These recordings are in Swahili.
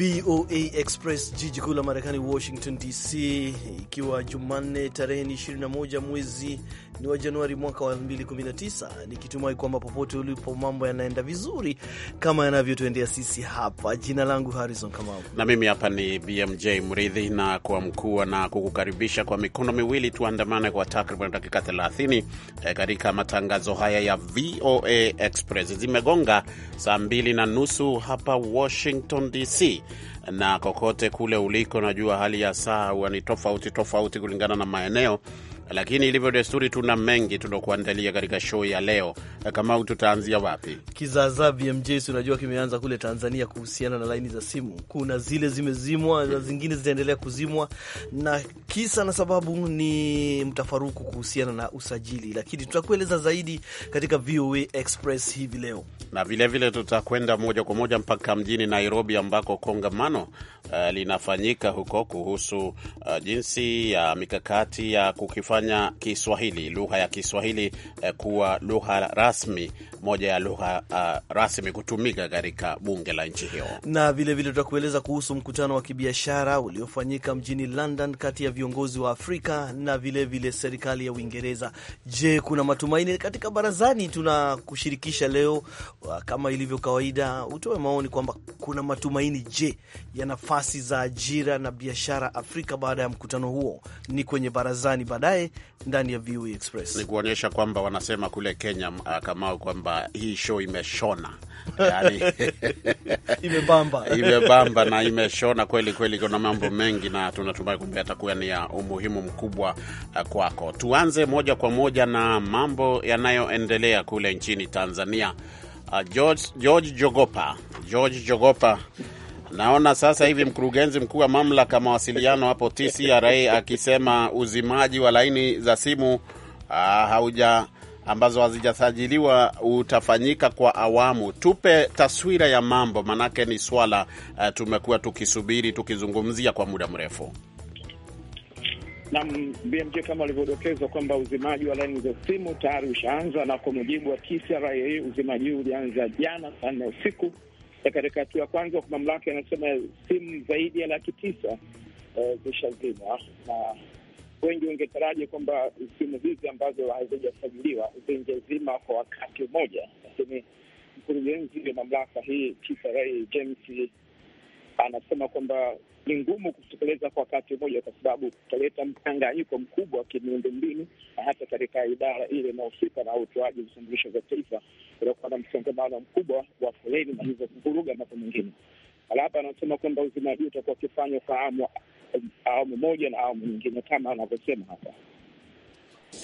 VOA Express, jiji kuu la Marekani, Washington DC, ikiwa Jumanne tarehe 21 mwezi ni wa Januari mwaka wa 2019, nikitumai kwamba popote ulipo mambo yanaenda vizuri kama yanavyotuendea sisi hapa. Jina langu Harrison Kamau, na mimi hapa ni BMJ Mridhi, na kwa mkuu na kukukaribisha kwa mikono miwili tuandamane kwa takriban dakika 30 eh, katika matangazo haya ya VOA Express. Zimegonga saa mbili na nusu hapa Washington DC na kokote kule uliko, najua hali ya saa huwa ni tofauti tofauti kulingana na maeneo, lakini ilivyo desturi, tuna mengi tulokuandalia katika show ya leo. Kamau, tutaanzia wapi? Kizaza BMJ, si unajua kimeanza kule Tanzania kuhusiana na laini za simu. Kuna zile zimezimwa na zingine zitaendelea kuzimwa, na kisa na sababu ni mtafaruku kuhusiana na usajili, lakini tutakueleza zaidi katika VOA Express hivi leo, na vilevile tutakwenda moja kwa moja mpaka mjini Nairobi ambako kongamano uh, linafanyika huko kuhusu uh, jinsi ya mikakati ya kukifanya kufanya Kiswahili, lugha ya Kiswahili eh, kuwa lugha rasmi, moja ya lugha uh, rasmi kutumika katika bunge la nchi hiyo. Na vilevile tutakueleza kuhusu mkutano wa kibiashara uliofanyika mjini London kati ya viongozi wa Afrika na vilevile vile serikali ya Uingereza. Je, kuna matumaini? Katika barazani tunakushirikisha leo ah, kama ilivyo kawaida, utoe maoni kwamba kuna matumaini je ya nafasi za ajira na biashara Afrika baada ya mkutano huo. Ni kwenye barazani baadaye ndani ya VOA Express. Ni kuonyesha kwamba wanasema kule Kenya, uh, Kamau, kwamba hii show imeshona yani, imebamba imebamba na imeshona kweli kweli. Kuna mambo mengi na tunatumai kumbe yatakuwa ni ya umuhimu mkubwa uh, kwako. Tuanze moja kwa moja na mambo yanayoendelea kule nchini Tanzania. Uh, George, George Jogopa George Jogopa Naona sasa hivi mkurugenzi mkuu wa mamlaka mawasiliano hapo TCRA akisema uzimaji wa laini za simu uh, hauja ambazo hazijasajiliwa utafanyika kwa awamu. Tupe taswira ya mambo, maanake ni swala uh, tumekuwa tukisubiri tukizungumzia kwa muda mrefu. Nam BMJ kama alivyodokezwa kwamba uzimaji wa laini za simu tayari ushaanza, na kwa mujibu wa TCRA uzimaji huu ulianza jana saa nne usiku na katika hatua ya kwanza mamlaka yanasema simu zaidi ya laki tisa eh, zishazimwa, na wengi wangetaraji kwamba simu hizi ambazo hazijasajiliwa zingezima kwa wakati mmoja, lakini mkurugenzi wa mamlaka hii TCRA James anasema kwamba ni ngumu kutekeleza kwa wakati mmoja, kwa sababu utaleta mchanganyiko mkubwa wa na hata katika idara ile inayohusika na utoaji vitambulisho vya taifa. Utakuwa na msongamano mkubwa wa foleni na hivyo kuvuruga mambo mengine. Halafu anasema kwamba uzimaji utakuwa ukifanywa kwa awamu moja na awamu nyingine, kama anavyosema hapa.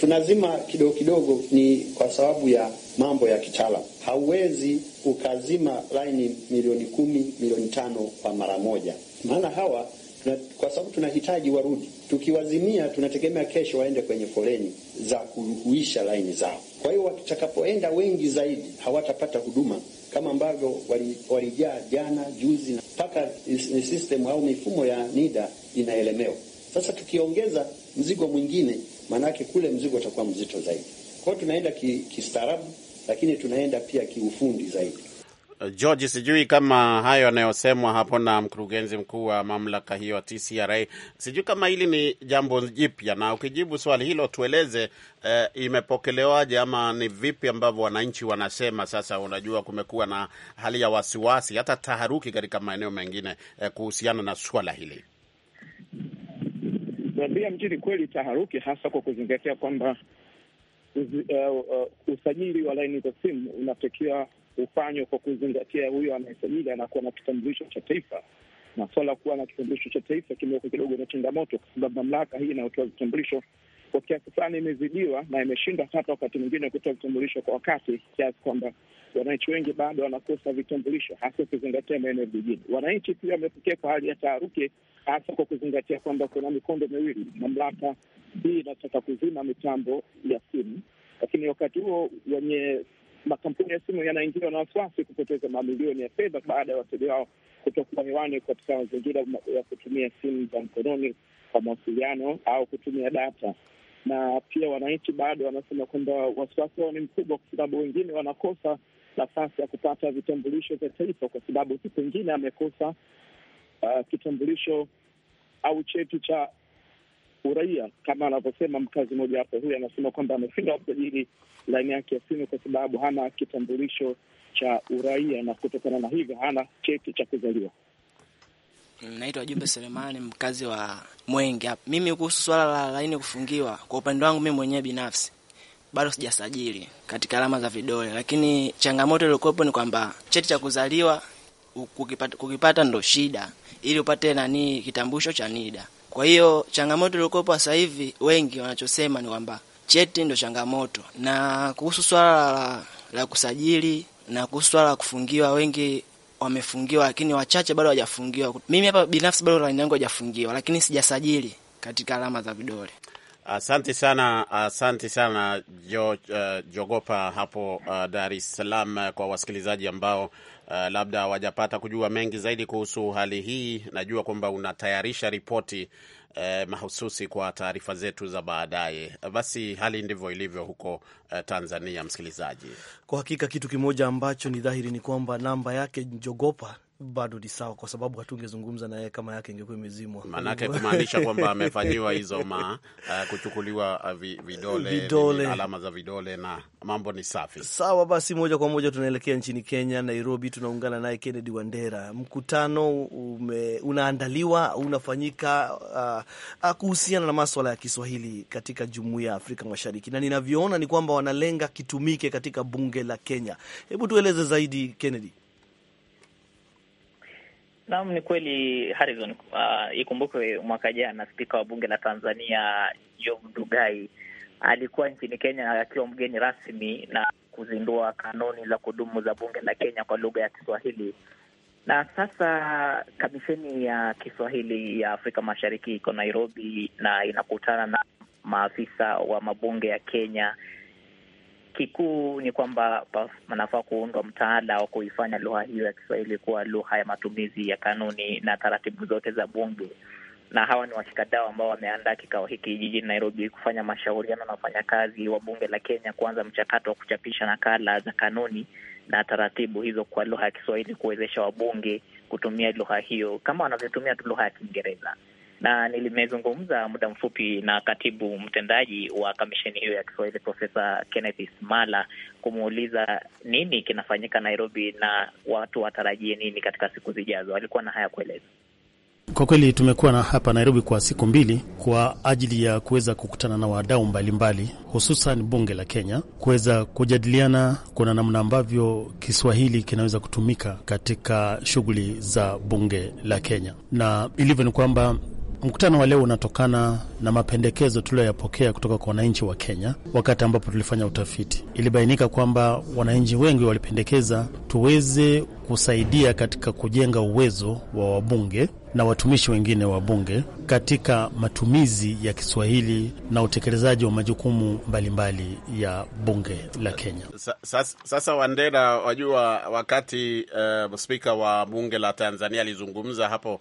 Tunazima kidogo kidogo, ni kwa sababu ya mambo ya kitaalam. Hauwezi ukazima laini milioni kumi, milioni tano kwa mara moja maana hawa na, kwa sababu tunahitaji warudi, tukiwazimia tunategemea kesho waende kwenye foleni za kuhuisha laini zao. Kwa hiyo watakapoenda wengi zaidi hawatapata huduma kama ambavyo walijaa jana juzi, mpaka system au mifumo ya NIDA inaelemewa. Sasa tukiongeza mzigo mwingine, maanake kule mzigo utakuwa mzito zaidi. Kwa hiyo tunaenda kistaarabu ki, lakini tunaenda pia kiufundi zaidi. Uh, George, sijui kama hayo yanayosemwa hapo na mkurugenzi mkuu wa mamlaka hiyo TCRA, sijui kama hili ni jambo jipya, na ukijibu swali hilo tueleze eh, imepokelewaje ama ni vipi ambavyo wananchi wanasema sasa. Unajua, kumekuwa na hali ya wasiwasi hata taharuki katika maeneo mengine eh, kuhusiana na swala hili nabia mjini kweli taharuki, hasa kwa kuzingatia kwamba uh, uh, usajili wa laini za simu unatakiwa hufanywa kwa kuzingatia huyo anayesajili anakuwa na kitambulisho cha taifa, na swala kuwa na kitambulisho cha taifa kimewekwa kidogo na changamoto, kwa sababu mamlaka hii inayotoa vitambulisho kwa kiasi fulani imezidiwa na imeshindwa hata wakati mwingine kutoa vitambulisho kwa wakati, kiasi kwamba wananchi wengi bado wanakosa vitambulisho, hasa ukizingatia maeneo ya vijijini. Wananchi pia wamepokea kwa hali ya taharuki, hasa kwa kuzingatia kwamba kuna mikondo miwili. Mamlaka hii inataka kuzima mitambo ya simu, lakini wakati huo wenye makampuni ya simu yanaingiwa na wasiwasi kupoteza mamilioni ya fedha baada ya wateja wao kutokuwa hewani katika mazingira ya kutumia simu za mkononi kwa mawasiliano au kutumia data. Na pia wananchi bado wanasema kwamba wasiwasi wao ni mkubwa, kwa sababu wengine wanakosa nafasi ya kupata vitambulisho vya taifa, kwa sababu tu pengine amekosa uh, kitambulisho au cheti cha uraia, kama anavyosema mkazi mmoja wapo Huyu anasema kwamba amefinga usajili laini yake ya simu kwa sababu hana kitambulisho cha uraia, na kutokana na hivyo hana cheti cha kuzaliwa. Naitwa Jumbe Selemani, mkazi wa Mwenge hapa. Mimi kuhusu swala la laini kufungiwa, kwa upande wangu mimi mwenyewe binafsi bado sijasajili katika alama za vidole, lakini changamoto iliyokuwepo ni kwamba cheti cha kuzaliwa kukipata, kukipata ndo shida, ili upate nani kitambulisho cha NIDA. Kwa hiyo changamoto iliyokuwepo sasa hivi, wengi wanachosema ni kwamba cheti ndo changamoto, na kuhusu swala la, la kusajili na kuhusu swala la kufungiwa, wengi wamefungiwa, lakini wachache bado hawajafungiwa. Mimi hapa binafsi bado laini yangu hajafungiwa, lakini sijasajili katika alama za vidole. Asante sana, asante sana jo, uh, jogopa hapo uh, Dar es Salaam kwa wasikilizaji ambao uh, labda hawajapata kujua mengi zaidi kuhusu hali hii, najua kwamba unatayarisha ripoti uh, mahususi kwa taarifa zetu za baadaye. Basi hali ndivyo ilivyo huko uh, Tanzania, msikilizaji. Kwa hakika kitu kimoja ambacho ni dhahiri ni kwamba namba yake njogopa bado ni sawa, kwa sababu hatungezungumza naye kama yake ingekuwa imezimwa. Maanake kumaanisha kwamba amefanyiwa hizo ma uh, kuchukuliwa eh, vi, vidole, vidole, alama za vidole na mambo ni safi. Sawa, basi moja kwa moja tunaelekea nchini Kenya, Nairobi. Tunaungana naye Kennedy Wandera. Mkutano ume, unaandaliwa unafanyika uh, kuhusiana na maswala ya Kiswahili katika jumuiya ya Afrika Mashariki, na ninavyoona ni kwamba wanalenga kitumike katika bunge la Kenya. Hebu tueleze zaidi Kennedy. Naam, ni kweli Harrison. Uh, ikumbukwe mwaka jana spika wa bunge la Tanzania Job Ndugai alikuwa nchini Kenya akiwa mgeni rasmi na kuzindua kanuni za kudumu za bunge la Kenya kwa lugha ya Kiswahili. Na sasa kamisheni ya Kiswahili ya Afrika Mashariki iko Nairobi na inakutana na maafisa wa mabunge ya Kenya kikuu ni kwamba manafaa kuundwa mtaala wa kuifanya lugha hiyo ya Kiswahili kuwa lugha ya matumizi ya kanuni na taratibu zote za Bunge na hawa ni washikadau ambao wameandaa kikao hiki jijini Nairobi kufanya mashauriano na wafanyakazi wa bunge la Kenya kuanza mchakato wa kuchapisha nakala za kanuni na taratibu hizo kwa lugha ya Kiswahili kuwezesha wabunge kutumia lugha hiyo kama wanavyotumia tu lugha ya Kiingereza na nilimezungumza muda mfupi na katibu mtendaji wa kamisheni hiyo ya Kiswahili Profesa Kenneth Smala kumuuliza nini kinafanyika Nairobi na watu watarajie nini katika siku zijazo. Alikuwa na haya kueleza. Kwa kweli tumekuwa na hapa Nairobi kwa siku mbili kwa ajili ya kuweza kukutana na wadau mbalimbali, hususan bunge la Kenya, kuweza kujadiliana kuna namna ambavyo Kiswahili kinaweza kutumika katika shughuli za bunge la Kenya, na ilivyo ni kwamba Mkutano wa leo unatokana na mapendekezo tuliyoyapokea kutoka kwa wananchi wa Kenya. Wakati ambapo tulifanya utafiti, ilibainika kwamba wananchi wengi walipendekeza tuweze kusaidia katika kujenga uwezo wa wabunge na watumishi wengine wa bunge katika matumizi ya Kiswahili na utekelezaji wa majukumu mbalimbali mbali ya bunge la Kenya. Sasa, sasa Wandera, wajua wakati uh, spika wa bunge la Tanzania alizungumza hapo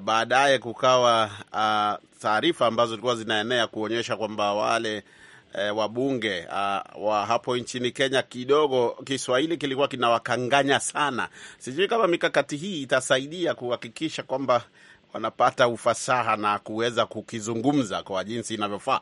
baadaye kukawa uh, taarifa ambazo zilikuwa zinaenea kuonyesha kwamba wale E, wabunge uh, wa hapo nchini Kenya kidogo Kiswahili kilikuwa kinawakanganya sana. Sijui kama mikakati hii itasaidia kuhakikisha kwamba wanapata ufasaha na kuweza kukizungumza kwa jinsi inavyofaa.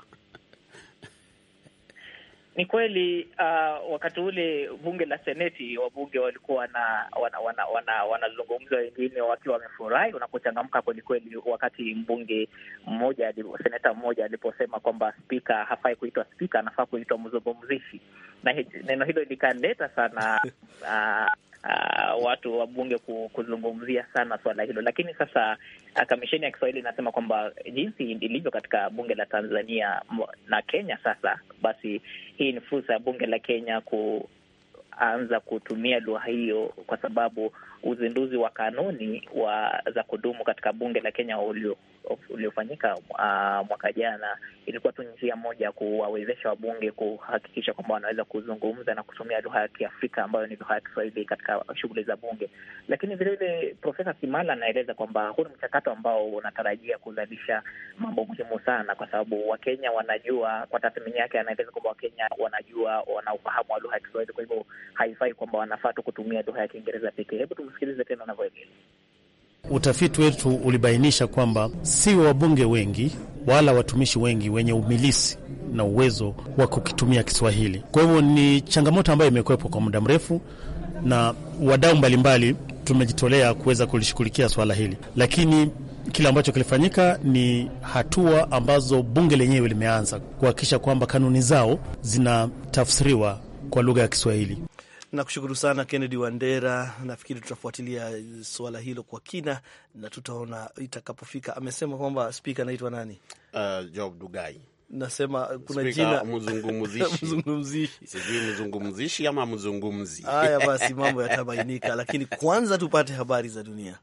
Ni kweli uh, wakati ule bunge la seneti wabunge walikuwa wanazungumza wana, wana, wana wengine wakiwa wamefurahi unapochangamka kwelikweli, wakati mbunge mmoja seneta mmoja aliposema kwamba spika hafai kuitwa spika, anafaa kuitwa mzungumzishi, na neno hilo likaleta sana uh, uh, watu bunge kuzungumzia sana swala hilo, lakini sasa uh, kamisheni ya Kiswahili inasema kwamba jinsi ilivyo katika bunge la Tanzania na Kenya, sasa basi hii ni fursa ya bunge la Kenya ku anza kutumia lugha hiyo kwa sababu uzinduzi wa kanuni wa za kudumu katika bunge la Kenya uliofanyika uh, mwaka jana, ilikuwa tu njia moja ya kuwawezesha wabunge kuhakikisha kwamba wanaweza kuzungumza na kutumia lugha ya Kiafrika ambayo ni lugha ya Kiswahili katika shughuli za bunge. Lakini vilevile Profesa Kimala anaeleza kwamba huu ni mchakato ambao unatarajia kuzalisha mambo muhimu sana, kwa sababu Wakenya wanajua, kwa tathmini yake anaeleza kwamba Wakenya wanajua, wana ufahamu wa lugha ya Kiswahili, kwa hivyo haifai kwamba wanafaa tu kutumia lugha ya Kiingereza pekee. Hebu tusikilize tena anavyoeleza. Utafiti wetu ulibainisha kwamba si wabunge wengi wala watumishi wengi wenye umilisi na uwezo wa kukitumia Kiswahili. Kwa hivyo ni changamoto ambayo imekuwepo kwa muda mrefu, na wadau mbalimbali tumejitolea kuweza kulishughulikia swala hili, lakini kile ambacho kilifanyika ni hatua ambazo bunge lenyewe limeanza kuhakikisha kwamba kanuni zao zinatafsiriwa kwa lugha ya Kiswahili. Nakushukuru sana Kennedy Wandera, nafikiri tutafuatilia eh, suala hilo kwa kina na tutaona itakapofika. Amesema kwamba spika anaitwa nani? Uh, Job Dugai nasema eh, kuna Speaker, jina mzungumzishi mzungumzishi, ama mzungumzi. Haya basi, mambo yatabainika, lakini kwanza tupate habari za dunia.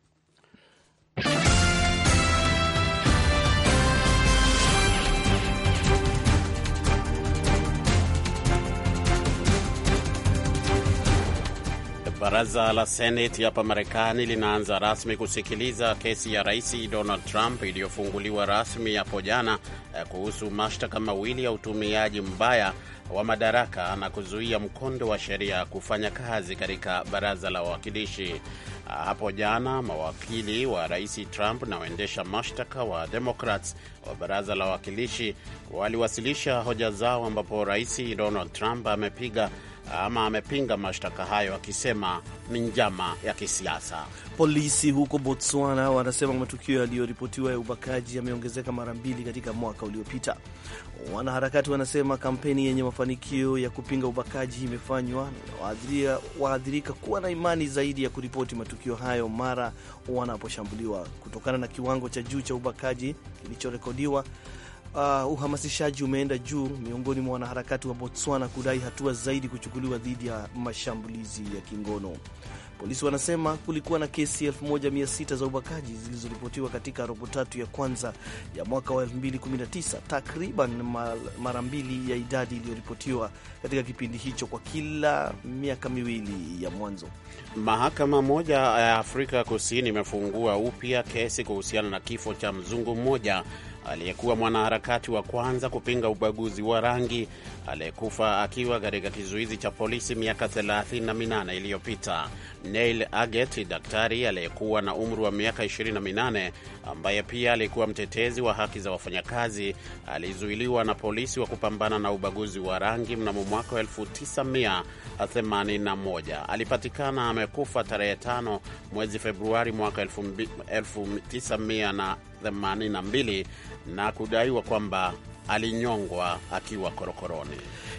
Baraza la Seneti hapa Marekani linaanza rasmi kusikiliza kesi ya Rais Donald Trump iliyofunguliwa rasmi hapo jana eh, kuhusu mashtaka mawili ya utumiaji mbaya wa madaraka na kuzuia mkondo wa sheria kufanya kazi katika baraza la wawakilishi. Ah, hapo jana mawakili wa Rais Trump na waendesha mashtaka wa Democrats wa baraza la wawakilishi waliwasilisha hoja zao, ambapo Rais Donald Trump amepiga ama amepinga mashtaka hayo akisema ni njama ya kisiasa. Polisi huko Botswana wanasema matukio yaliyoripotiwa ya ubakaji yameongezeka mara mbili katika mwaka uliopita. Wanaharakati wanasema kampeni yenye mafanikio ya kupinga ubakaji imefanywa na waathirika kuwa na imani zaidi ya kuripoti matukio hayo mara wanaposhambuliwa, kutokana na kiwango cha juu cha ubakaji kilichorekodiwa uh, uhamasishaji umeenda juu miongoni mwa wanaharakati wa Botswana kudai hatua zaidi kuchukuliwa dhidi ya mashambulizi ya kingono. Polisi wanasema kulikuwa na kesi 1600 za ubakaji zilizoripotiwa katika robo tatu ya kwanza ya mwaka wa 2019, takriban mara mbili ya idadi iliyoripotiwa katika kipindi hicho kwa kila miaka miwili ya mwanzo. Mahakama moja ya Afrika Kusini imefungua upya kesi kuhusiana na kifo cha mzungu mmoja aliyekuwa mwanaharakati wa kwanza kupinga ubaguzi wa rangi aliyekufa akiwa katika kizuizi cha polisi miaka 38 iliyopita. Neil Aget, daktari aliyekuwa na umri wa miaka 28 ambaye pia alikuwa mtetezi wa haki za wafanyakazi, alizuiliwa na polisi wa kupambana na ubaguzi wa rangi mnamo mwaka 1981. Alipatikana amekufa tarehe 5 mwezi Februari mwaka 1900 82 na kudaiwa kwamba alinyongwa akiwa korokoroni.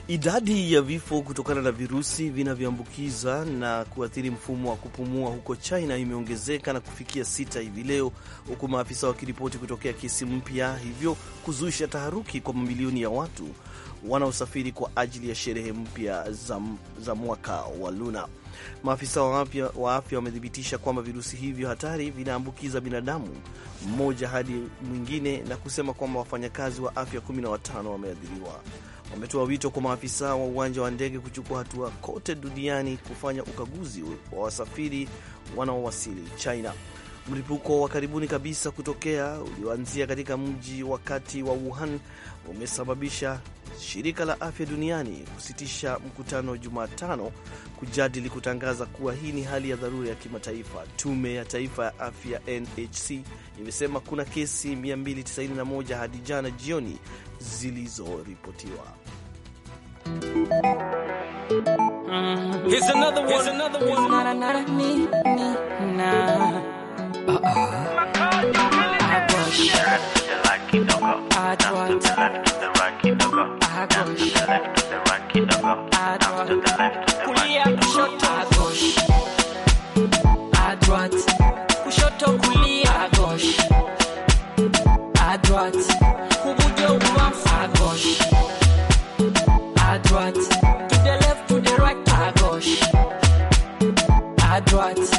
Idadi ya vifo kutokana na virusi vinavyoambukiza na kuathiri mfumo wa kupumua huko China imeongezeka na kufikia sita hivi leo, huku maafisa wakiripoti kutokea kesi mpya, hivyo kuzusha taharuki kwa mamilioni ya watu wanaosafiri kwa ajili ya sherehe mpya za, za mwaka wa Luna. Maafisa wa afya wamethibitisha kwamba virusi hivyo hatari vinaambukiza binadamu mmoja hadi mwingine na kusema kwamba wafanyakazi wa afya 15 wameathiriwa. Wametoa wito kwa maafisa wa uwanja wa ndege kuchukua hatua kote duniani kufanya ukaguzi wa wasafiri wanaowasili China. Mlipuko wa karibuni kabisa kutokea ulioanzia katika mji wa kati wa Wuhan umesababisha shirika la afya duniani kusitisha mkutano Jumatano kujadili kutangaza kuwa hii ni hali ya dharura ya kimataifa. Tume ya Taifa ya Afya NHC imesema kuna kesi 291 hadi jana jioni zilizoripotiwa. kushoto, à gauche, à droite, kushoto, kulia, à gauche, à droite, kubudio, uwamf, à gauche, à droite, to the left, to the right, à gauche, à droite.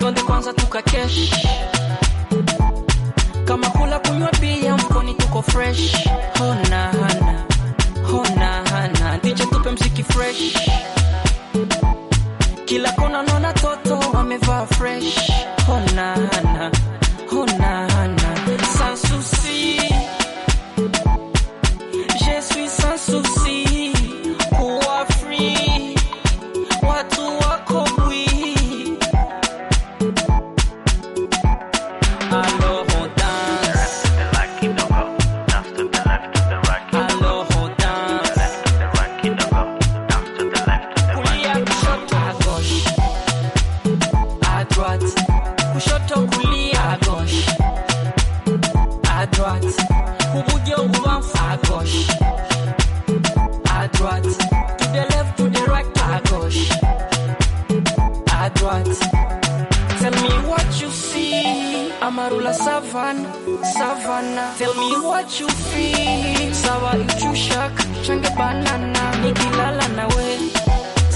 Donde kwanza tukakesha fresh hona hana hona hana dije tupe mziki fresh kila kona nona toto wamevaa fresh hona savannah, savannah. Tell me what you feel, sawa shak, change banana. Nikilala we,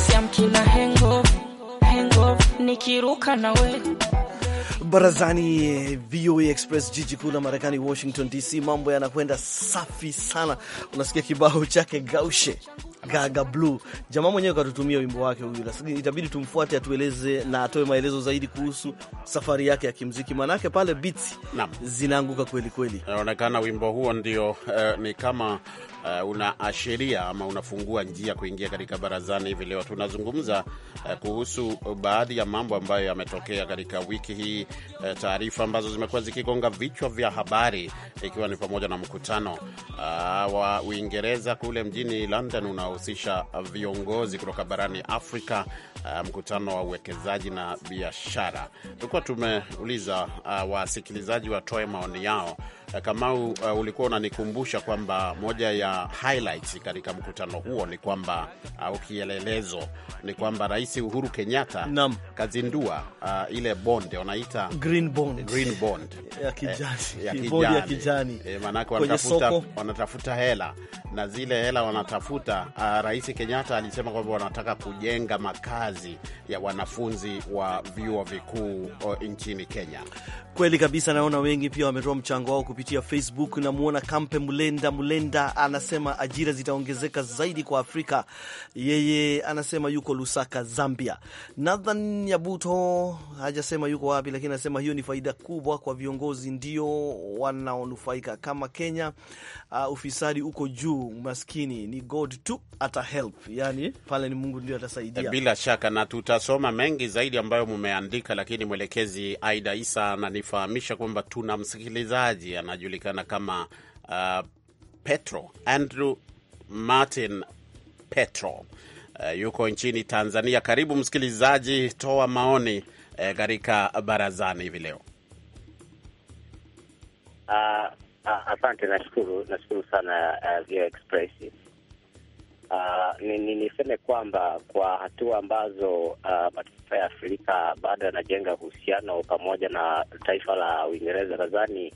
siamki na hengo hengo, nikiruka we. Barazani, VOA Express, jiji kuu la Marekani, Washington DC. Mambo yanakwenda safi sana, unasikia kibao chake Gaushe Gaga Blue. Jamaa mwenyewe katutumia wimbo wake huyu, itabidi tumfuate atueleze na atoe maelezo zaidi kuhusu safari yake ya kimziki, manake pale beats zinaanguka kweli kweli. Inaonekana wimbo huo ndio uh, ni kama uh, unaashiria ama unafungua njia kuingia katika barazani hivi leo. Tunazungumza uh, kuhusu baadhi ya mambo ambayo yametokea katika wiki hii uh, taarifa ambazo zimekuwa zikigonga vichwa vya habari, ikiwa ni pamoja na mkutano uh, wa Uingereza kule mjini London unaohusisha viongozi kutoka barani Afrika, uh, mkutano wa uwekezaji na biashara. Tulikuwa tumeuliza uh, wasikilizaji watoe maoni yao Eh, Kamau, uh, ulikuwa unanikumbusha kwamba moja ya highlights katika mkutano huo ni kwamba au eh, uh, kielelezo ni kwamba Rais Uhuru Kenyatta Nam. kazindua uh, ile wanaita green bond, green bond ya kijani, eh, ya kijani, ya kijani. Eh, wanatafuta, wanatafuta hela na zile hela wanatafuta uh, Rais Kenyatta alisema kwamba wanataka kujenga makazi ya wanafunzi wa vyuo vikuu nchini Kenya. Kweli kabisa, naona wengi pia wametoa mchango wao kupitia Facebook. Namwona Kampe Mulenda Mulenda anasema ajira zitaongezeka zaidi kwa Afrika. Yeye anasema yuko Lusaka, Zambia. Nathan Yabuto hajasema yuko wapi, lakini anasema hiyo ni faida kubwa kwa viongozi, ndio wanaonufaika. Kama Kenya uh, ufisadi uko juu, maskini ni God tu ata help, yani pale ni Mungu ndio atasaidia eh, bila shaka, na tutasoma mengi zaidi ambayo mumeandika, lakini mwelekezi Aida Isa ananifahamisha kwamba tuna msikilizaji anajulikana kama uh, Petro Andrew Martin Petro. Uh, yuko nchini Tanzania. Karibu msikilizaji, toa maoni uh, katika uh, barazani hivi leo. Uh, uh, asante, nashukuru nashukuru sana uh, Express. Uh, niseme kwamba kwa hatua ambazo uh, mataifa ya Afrika bado yanajenga uhusiano pamoja na taifa la Uingereza, nadhani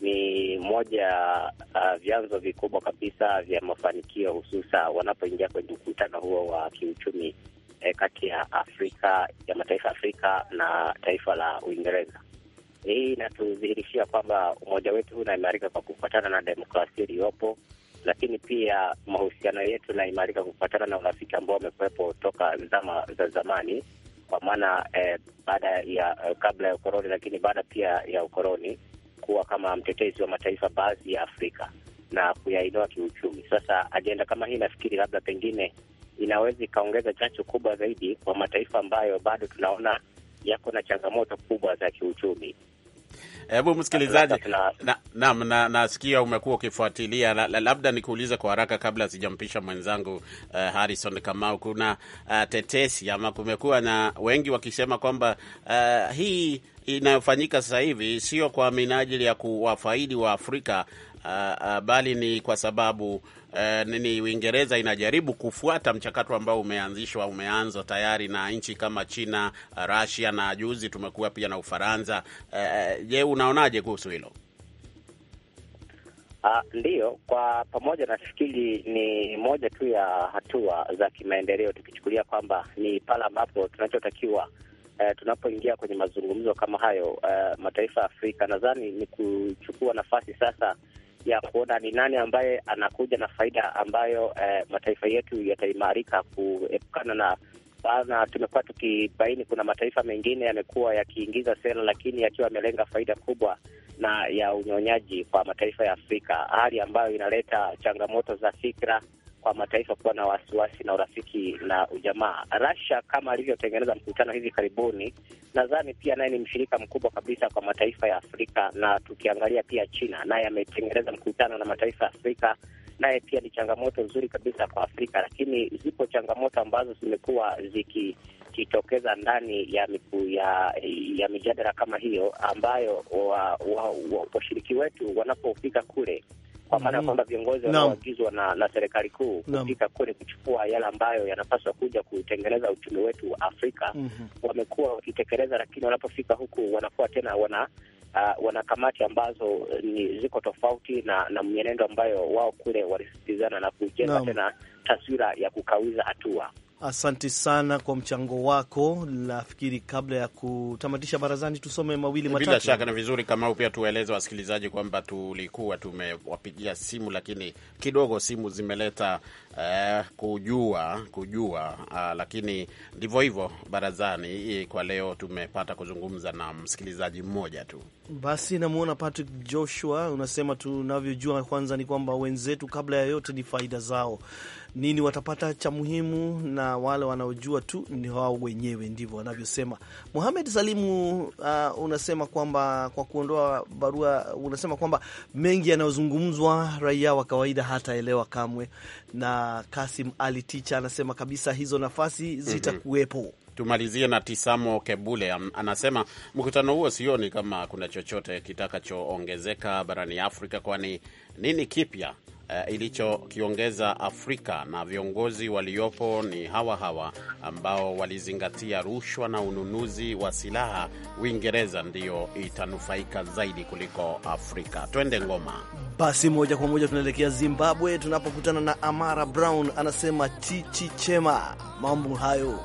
ni moja ya uh, vyanzo vikubwa kabisa vya mafanikio hususa wanapoingia kwenye mkutano huo wa kiuchumi eh, kati ya Afrika ya mataifa Afrika na taifa la Uingereza. Hii inatudhihirishia kwamba umoja wetu huu unaimarika kwa kufuatana na demokrasia iliyopo, lakini pia mahusiano yetu naimarika kufuatana na urafiki ambao wamekuwepo toka zama za zamani, kwa maana eh, baada ya eh, kabla ya ukoloni, lakini baada pia ya ukoloni kuwa kama mtetezi wa mataifa baadhi ya Afrika na kuyainua kiuchumi. Sasa ajenda kama hii, nafikiri labda pengine inaweza ikaongeza chachu kubwa zaidi kwa mataifa ambayo bado tunaona yako na changamoto kubwa za kiuchumi. Hebu msikilizaji, naam, na nasikia umekuwa ukifuatilia, labda nikuulize kwa haraka kabla sijampisha mwenzangu uh, Harrison Kamau. Kuna uh, tetesi ama kumekuwa na wengi wakisema kwamba uh, hii inayofanyika sasa hivi sio kwa minajili ya kuwafaidi wa Afrika uh, uh, bali ni kwa sababu uh, eh, nini, Uingereza inajaribu kufuata mchakato ambao umeanzishwa umeanzwa tayari na nchi kama China, Russia na juzi tumekuwa pia na Ufaransa. Uh, je, unaonaje kuhusu hilo? Ah, Ndiyo, kwa pamoja nafikiri ni moja tu ya hatua za kimaendeleo, tukichukulia kwamba ni pale ambapo tunachotakiwa uh, tunapoingia kwenye mazungumzo kama hayo uh, mataifa ya Afrika nadhani ni kuchukua nafasi sasa ya kuona ni nani ambaye anakuja na faida ambayo uh, mataifa yetu yataimarika kuepukana na bana. Tumekuwa tukibaini kuna mataifa mengine yamekuwa yakiingiza sera, lakini yakiwa yamelenga faida kubwa na ya unyonyaji kwa mataifa ya Afrika, hali ambayo inaleta changamoto za fikra kwa mataifa kuwa na wasiwasi na urafiki na ujamaa. Russia kama alivyotengeneza mkutano hivi karibuni, nadhani pia naye ni mshirika mkubwa kabisa kwa mataifa ya Afrika, na tukiangalia pia China naye ametengeneza mkutano na mataifa ya Afrika, naye pia ni changamoto nzuri kabisa kwa Afrika, lakini zipo changamoto ambazo zimekuwa ziki kitokeza ndani ya miku, ya, ya mijadala kama hiyo ambayo washiriki wa, wa, wa, wetu wanapofika kule kwa maana ya mm-hmm. kwamba viongozi wanaoagizwa na, na serikali kuu kufika kule kuchukua yale ambayo yanapaswa kuja kutengeneza uchumi wetu wa Afrika mm -hmm. wamekuwa wakitekeleza, lakini wanapofika huku wanakuwa tena wana Uh, wana kamati ambazo ni ziko tofauti na na mwenendo ambayo wao kule walisisitizana na kujenga no. tena taswira ya kukawiza hatua. Asante sana kwa mchango wako. Nafikiri kabla ya kutamatisha barazani, tusome mawili matatu. Bila shaka ni vizuri kama pia tuwaeleze wasikilizaji kwamba tulikuwa tumewapigia simu, lakini kidogo simu zimeleta eh, kujua kujua ah, lakini ndivyo hivyo barazani kwa leo tumepata kuzungumza na msikilizaji mmoja tu. Basi namwona Patrick Joshua, unasema tunavyojua kwanza ni kwamba wenzetu kabla ya yote ni faida zao nini watapata cha muhimu, na wale wanaojua tu ni wao wenyewe, ndivyo wanavyosema. Muhamed Salimu, uh, unasema kwamba kwa kuondoa barua, unasema kwamba mengi yanayozungumzwa raia wa kawaida hataelewa kamwe, na Kasim Ali Ticha anasema kabisa hizo nafasi mhm. zitakuwepo. mm -hmm. Tumalizie na Tisamo Kebule anasema mkutano huo sioni kama kuna chochote kitakachoongezeka barani Afrika, kwani nini kipya uh, ilichokiongeza Afrika, na viongozi waliopo ni hawa hawa ambao walizingatia rushwa na ununuzi wa silaha. Uingereza ndiyo itanufaika zaidi kuliko Afrika. Twende ngoma basi. Moja kwa moja tunaelekea Zimbabwe tunapokutana na Amara Brown anasema chichi chema mambo hayo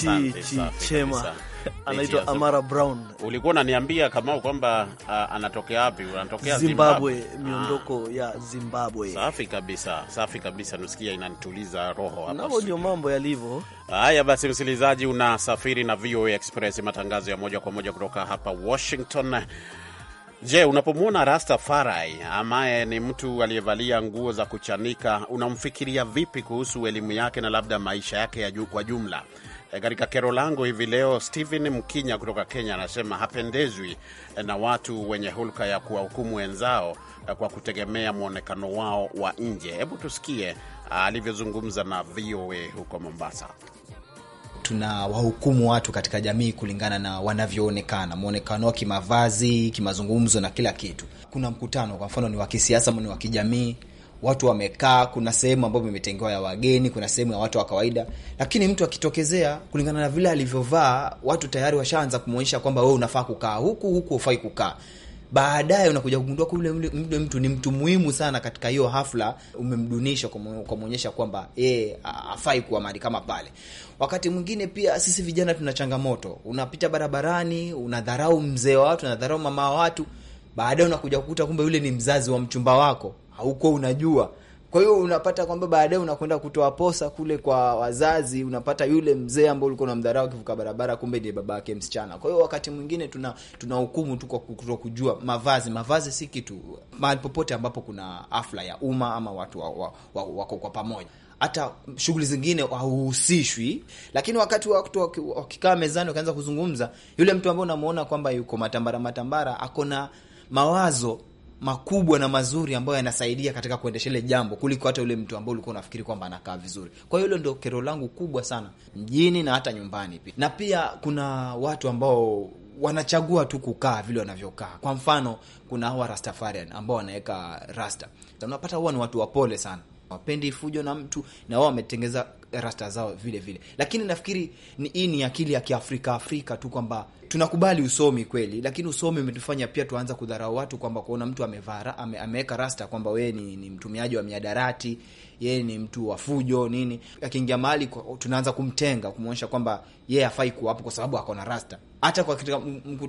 Chichi Chema anaitwa Amara Brown. Ulikuwa unaniambia kama kwamba uh, anatokea wapi? Anatokea Zimbabwe, Zimbabwe. Miondoko ah, ya Zimbabwe. Safi kabisa, safi kabisa, nusikia inanituliza roho hapa. Nao ndio mambo yalivyo. Haya basi, msikilizaji, unasafiri na VOA Express, matangazo ya moja kwa moja kutoka hapa Washington. Je, unapomwona Rastafari ambaye ni mtu aliyevalia nguo za kuchanika unamfikiria vipi kuhusu elimu yake na labda maisha yake ya juu kwa jumla? Eh, katika kero langu hivi leo, Stephen Mkinya kutoka Kenya anasema hapendezwi eh, na watu wenye hulka ya kuwahukumu wenzao eh, kwa kutegemea mwonekano wao wa nje. Hebu tusikie ah, alivyozungumza na VOA huko Mombasa. Tuna wahukumu watu katika jamii kulingana na wanavyoonekana, mwonekano wa kimavazi, kimazungumzo na kila kitu. Kuna mkutano kwa mfano ni wa kisiasa, ni wa kijamii watu wamekaa, kuna sehemu ambayo imetengewa ya wageni, kuna sehemu ya watu wa kawaida. Lakini mtu akitokezea kulingana na vile alivyovaa, watu tayari washaanza kumwonyesha kwamba wewe unafaa kukaa huku, huku hufai kukaa. Baadaye unakuja kugundua kule mle mtu ni mtu muhimu sana katika hiyo hafla, umemdunisha ukamwonyesha kwamba yeye hafai kuwa mahali kama pale. Wakati mwingine pia sisi vijana tuna changamoto, unapita barabarani, unadharau mzee wa watu, unadharau mama wa watu, baadaye unakuja kukuta kumbe yule ni mzazi wa mchumba wako hauko unajua. Kwa hiyo unapata kwamba baadaye unakwenda kutoa posa kule kwa wazazi, unapata yule mzee ambaye ulikuwa mdharau akivuka barabara, kumbe ndiye baba yake msichana. Kwa hiyo wakati mwingine tuna tunahukumu tu kwa kutokujua mavazi. Mavazi si kitu, mahali popote ambapo kuna hafla ya umma ama watu wako wa, wa, wa, kwa pamoja hata shughuli zingine hauhusishwi, lakini wakati watu wakikaa mezani wakaanza kuzungumza, yule mtu ambaye unamuona kwamba yuko matambara matambara, ako na mawazo makubwa na mazuri ambayo yanasaidia katika kuendesha ile jambo kuliko hata yule mtu ambaye ulikuwa unafikiri kwamba anakaa vizuri. Kwa hiyo hilo ndio kero langu kubwa sana mjini na hata nyumbani pia. Na pia kuna watu ambao wanachagua tu kukaa vile wanavyokaa. Kwa mfano, kuna hawa Rastafarian ambao wanaweka rasta, unapata huwa ni watu wapole sana, wapendi fujo na mtu, na wao wametengeza rasta zao vile vile, lakini nafikiri hii ni akili ya Kiafrika Afrika tu kwamba tunakubali usomi kweli, lakini usomi umetufanya pia tuanza kudharau watu kwamba kuona mtu amevaa ame, ameweka rasta kwamba wewe ni, ni mtumiaji wa miadarati, yeye ni mtu wa fujo nini. Akiingia mahali tunaanza kumtenga, kumwonyesha kwamba yeye hafai kuwa hapo kwa sababu ako na rasta. Hata kwa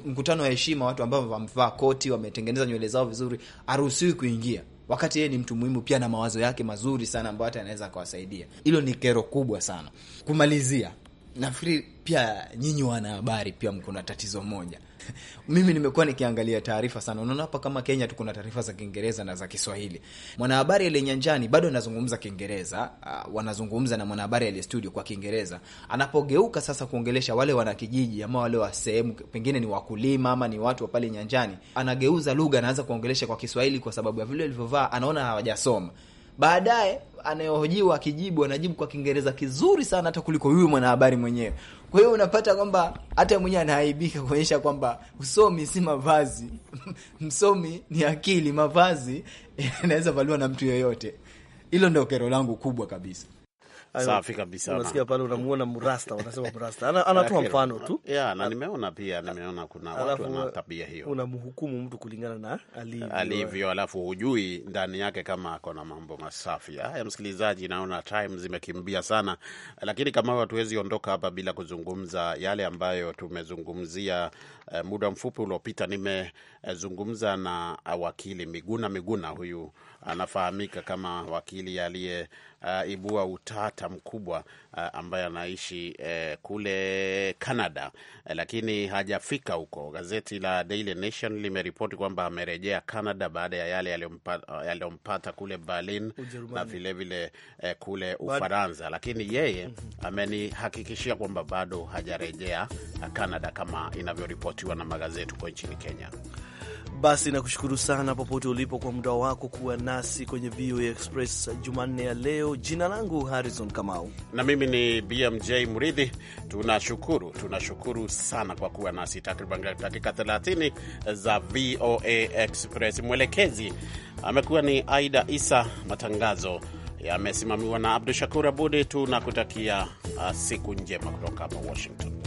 mkutano wa heshima, watu ambao wamevaa koti, wametengeneza nywele zao vizuri, aruhusiwi kuingia wakati yeye ni mtu muhimu pia na mawazo yake mazuri sana ambayo hata anaweza akawasaidia. Hilo ni kero kubwa sana. Kumalizia, nafikiri pia nyinyi wanahabari pia mko na tatizo moja Mimi nimekuwa nikiangalia taarifa sana. Unaona hapa kama Kenya tu kuna taarifa za Kiingereza na za Kiswahili. Mwanahabari aliye nyanjani bado anazungumza Kiingereza, uh, wanazungumza na mwanahabari aliye studio kwa Kiingereza. Anapogeuka sasa kuongelesha wale wanakijiji ama wale wa sehemu pengine ni wakulima ama ni watu wa pale nyanjani, anageuza lugha, anaanza kuongelesha kwa Kiswahili kwa sababu ya vile alivyovaa, anaona hawajasoma. Baadaye anayehojiwa akijibu, anajibu kwa Kiingereza kizuri sana hata kuliko yule mwanahabari mwenyewe. Kwa hiyo unapata kwamba hata mwenye anaaibika kuonyesha kwamba usomi si mavazi. Msomi ni akili, mavazi inaweza valiwa na mtu yoyote. Hilo ndio kero langu kubwa kabisa. Safi kabisa. Unasikia pale unamuona wanasema Ana, anatoa mfano tu. Yeah, na nimeona pia nimeona kuna watu wana tabia hiyo. Unamhukumu mtu kulingana na alivyo. Alivyo, alafu hujui ndani yake kama ako na mambo masafi. Haya, msikilizaji, naona time zimekimbia sana. Lakini kama hatuwezi ondoka hapa bila kuzungumza yale ambayo tumezungumzia eh, muda mfupi uliopita nimezungumza na wakili Miguna Miguna huyu anafahamika kama wakili aliye uh, ibua utata mkubwa uh, ambaye anaishi uh, kule Canada uh, lakini hajafika huko. Gazeti la Daily Nation limeripoti kwamba amerejea Canada baada ya yale uh, yaliyompata, kule Berlin Ujerumani, na vilevile uh, kule Ufaransa, lakini yeye amenihakikishia kwamba bado hajarejea uh, Canada kama inavyoripotiwa na magazeti huko nchini Kenya. Basi nakushukuru sana popote ulipo kwa muda wako kuwa nasi kwenye VOA Express Jumanne ya leo. Jina langu Harrison Kamau na mimi ni BMJ Mridhi. Tunashukuru, tunashukuru sana kwa kuwa nasi takriban dakika 30 za VOA Express. Mwelekezi amekuwa ni Aida Isa, matangazo yamesimamiwa na Abdu Shakur Abudi. Tunakutakia uh, siku njema kutoka hapa Washington.